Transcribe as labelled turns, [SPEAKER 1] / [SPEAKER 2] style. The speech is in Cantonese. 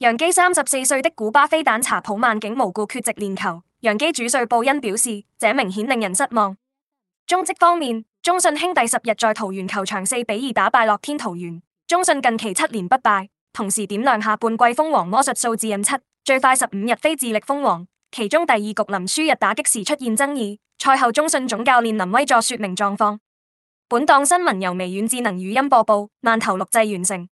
[SPEAKER 1] 洋基三十四歲的古巴飛彈查普曼竟無故缺席練球，洋基主帥布恩表示：這明顯令人失望。中職方面，中信兄弟十日在桃園球場四比二打敗樂天桃園，中信近期七連不敗，同時點亮下半季封王魔術數字印七，最快十五日非自力封王。其中第二局林書逸打擊時出現爭議，賽後中信總教練林威助說明狀況。本檔新聞由微軟智能語音播報，慢投錄製完成。